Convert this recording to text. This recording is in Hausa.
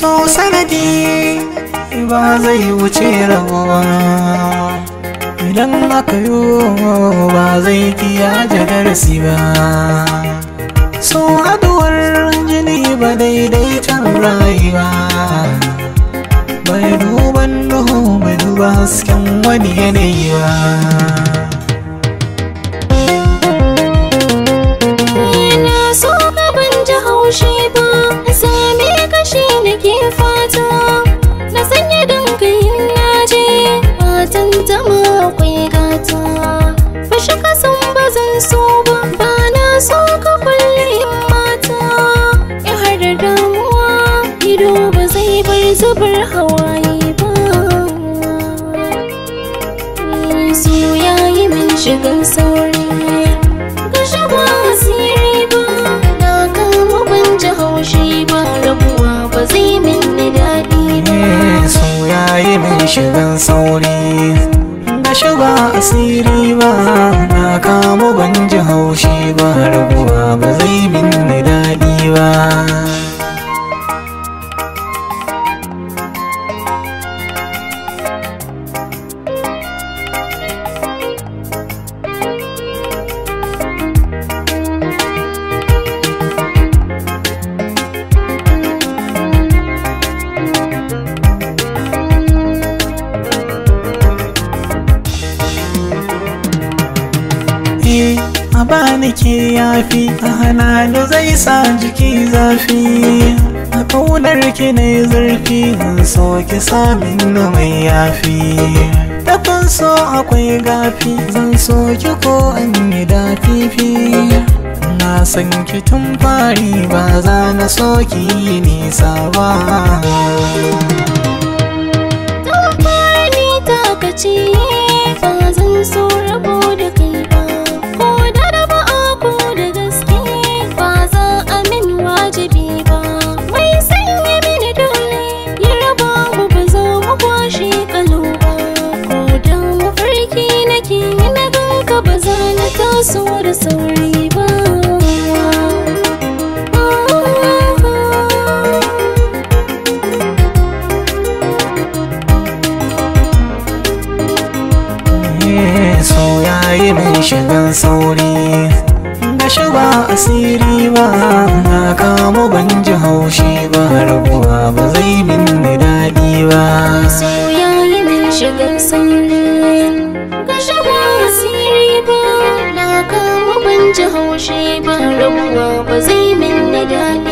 so sanadi ba zai wuce rabuwa idan aka yi ba zai kiya darasi ba so haduwar jini ba daidaitan rayuwa bai duban duhu bai duba hasken wani yanayi ba akwai gata bashi kasan ba zan so ba ba na so ka kullum mata Ya har damuwa ido ba zai bar zubar hawaye ba Su yayi min shigan sauri Ka shaba asiri ba na kama ban ji haushi ba rabuwa ba zai min daɗi ba Su yayi min shigan sauri shi ba asiri ba na kamo ban ji haushi ba rubuwa ba zai bi zafi a bani ke yafi a hana zai sa jiki zafi a kaunar ki ne zurfi in so ki samin mai yafi tafin so akwai gafi zan so ki ko an yi dafifi na san ki tun fari ba za na so ki nisa ba so da sauri ba so yayi min shigan sauri da shiga asiri ba na kamo ban ji haushi ba rabuwa ba zai min daɗi ba so yayi min shigan sauri haushi ba rabuwa ba zai min daɗi